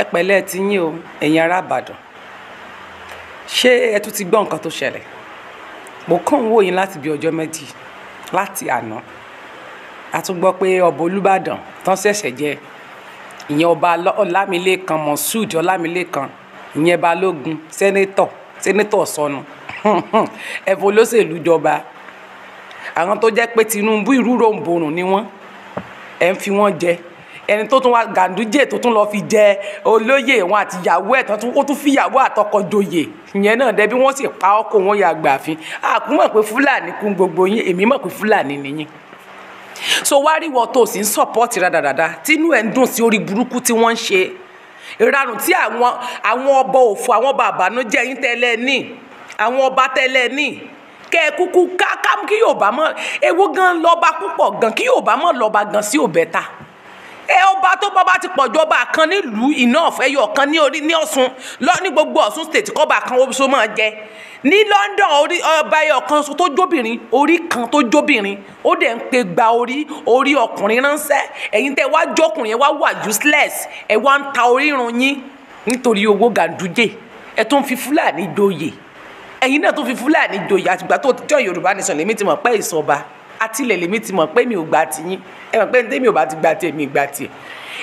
ẹ pẹ̀lẹ́ ti yín o ẹ̀yin ará Ìbàdàn ṣé ẹ tún ti gbọ́ nǹkan tó ṣẹlẹ̀ mo kàn ń wò yín láti bí ọjọ́ méjì láti àná a tún gbọ́ pé ọba Olúbàdàn tán ṣẹ̀ṣẹ̀ jẹ ìyẹn ọba Ọlámilékan Moshood Ọlámilékan ìyẹn Balógun sẹ́nẹ́tọ̀ sẹ́nẹ́tọ̀ sọnù ẹ̀fọ́ olóṣèlú jọba àwọn tó jẹ́ pé Tinubu ìrúròǹbòrùn ni wọ́n ẹ̀ ń fi wọ́n jẹ ẹni tó tún wá gàdújẹ tó tún lọ fi jẹ olóyè wọn àti ìyàwó ẹ̀ tán ó tún fi ìyàwó àtọkọ joyè ìyẹn náà dẹbi wọ́n sì pa ọkọ wọn yà gbàfin àkúmọ̀ pé fúlàní kún gbogbo yín èmi mọ̀ pé fúlàní nìyín so wá rí wọ́n tó sì ń sọ̀pọ́ọ̀tì rádaràda tínú ẹ̀ ń dùn sí orí burúkú tí wọ́n ń ṣe ìranù tí àwọn àwọn ọba òfò àwọn ọba àbánújẹ́ yín tẹ́lẹ̀ ní àwọn ọba tẹ́lẹ̀ ní kẹ́ ẹ kúkú ká kí Yorùbá mọ̀ ewu gan lọ́ba púpọ̀ gan kí Yorùbá mọ̀ lọ́ba gan sí òbẹ́ta ẹ ọba tó bá bá ti pọ̀jù ọba kan nílùú enough ẹyọ kan ní orí ní ọ̀ṣun lọ ní gbogbo ọ̀ṣun state kọ́ba kan oṣù máa jẹ ní London orí ọba ẹyọ kan tó jóbìnrin orí kan tó jóbìnrin ó dẹ̀ ń pe gba orí orí ọkùnrin ránṣẹ́ ẹ̀yin tẹ́ wá jókùnrin ẹ wá wà useless ẹ wá ń ta orí irun yín nítorí owó gàdújẹ ẹ tó ń fi fúlàní joyè ẹ̀yin náà tó fi fúlàní joyè àtìgbà tó jọ yorùbá nation lèmi ti mọ̀ pé ìsọba atilẹ̀ lèmi ti mọ̀ pé mi ò gbà tiyín ẹ mọ̀ pé ní tẹ́mi ò bá ti gbà tiẹ̀ mi gbà tiẹ̀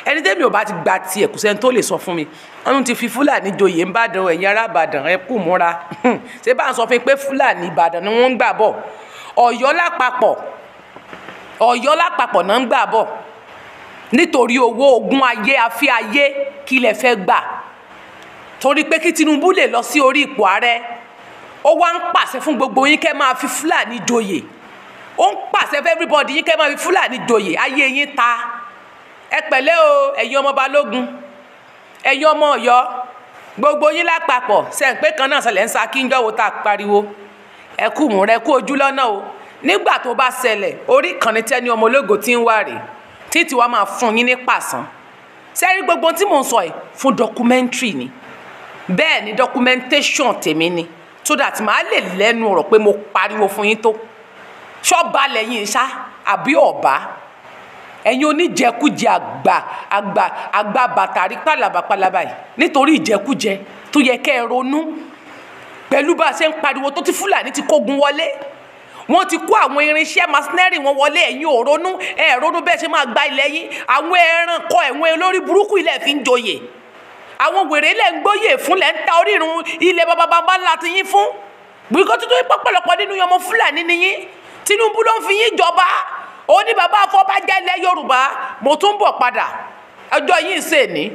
ẹni tẹ́mi ò bá ti gbà tiẹ̀ kò sẹ́ni tó lè sọ fún mi ọdún ti fi fúlàní joyè ń bàdàn ẹ̀yìn ará ìbàdàn ẹ kù múra ṣé bá ń sọ fún mi pé fúlàní ìbàdàn ni wọ́n ń gbà bọ̀ ọ̀yọ́ lápapọ̀ ọ̀yọ́ lápapọ̀ náà ń gbà bọ̀ nítorí owó ogun ayé afẹ́ ayé kí lẹ fẹ́ gbà torí pé kí Tinubu lè lọ sí orí ipò ààrẹ ó wá ń pàṣẹ fún gbogbo yín kẹ́ máa fi fúlàní joyè ó ń pàṣẹ fún everybody yín kẹ́ máa fi fúlàní joyè ayé yín ta ẹ pẹ̀lẹ́ o ẹ̀yin ọmọ balógun ẹ̀yin ọmọ ọ̀yọ́ gbogbo yín lápapọ̀ sẹ́ǹpé kan náà ṣẹlẹ̀ ń sa kí ń jọ́wọ́ tá a pariwo ẹ kú mú rẹ kú ojú lọ́nà o nígbà tó bá ṣẹlẹ̀ orí ìkànnì tẹ́ni ọmọ ológo ti ń wá rè títí wàá máa fún yín ní pàṣán sẹ́rí gbogbo tí mò ń sọ yìí fún documentary ni bẹ́ẹ̀ ni documentation tèmi ni so that màá lè lẹ́nu ọ̀rọ̀ pé mo pariwo fún yín tó ṣọ́ọ̀bà lẹ́yìn ṣá àbí ọ̀bá ẹ̀yin oníjẹkújẹ àgbà àgbà àgbà bàtàrí pàlàbà pàlàbà yìí nítorí ìjẹkújẹ tó yẹ kẹ́ ẹ ronú pẹ̀lú bá a ṣe ń pariwo tó ti fúlàní ti kógun wọlé wọ́n ti kó àwọn irinṣẹ́ masinẹ́rì wọn wọlé ẹ̀yin ò ronú ẹ̀ ronú bẹ́ẹ̀ ṣe máa gba ilẹ̀ yín àwọn ẹranko ẹ̀wọ̀n olórí burúkú ilẹ̀ fi ń joyè àwọn wèrè lẹ̀ ń gbóyè fún lẹ̀ ń ta orírun ilẹ̀ bababa ńlá ti yín fún gbìyànjú tó yín pọ́pọ́lọpọ́ nínú yọmọ fúlàní ni yín Tinubu ló ń fi yín jọba ó ní bàbá àfọbàjẹ́ ilẹ̀ Yorùbá mo tún bọ̀ padà ọjọ́ yìí ń sè ní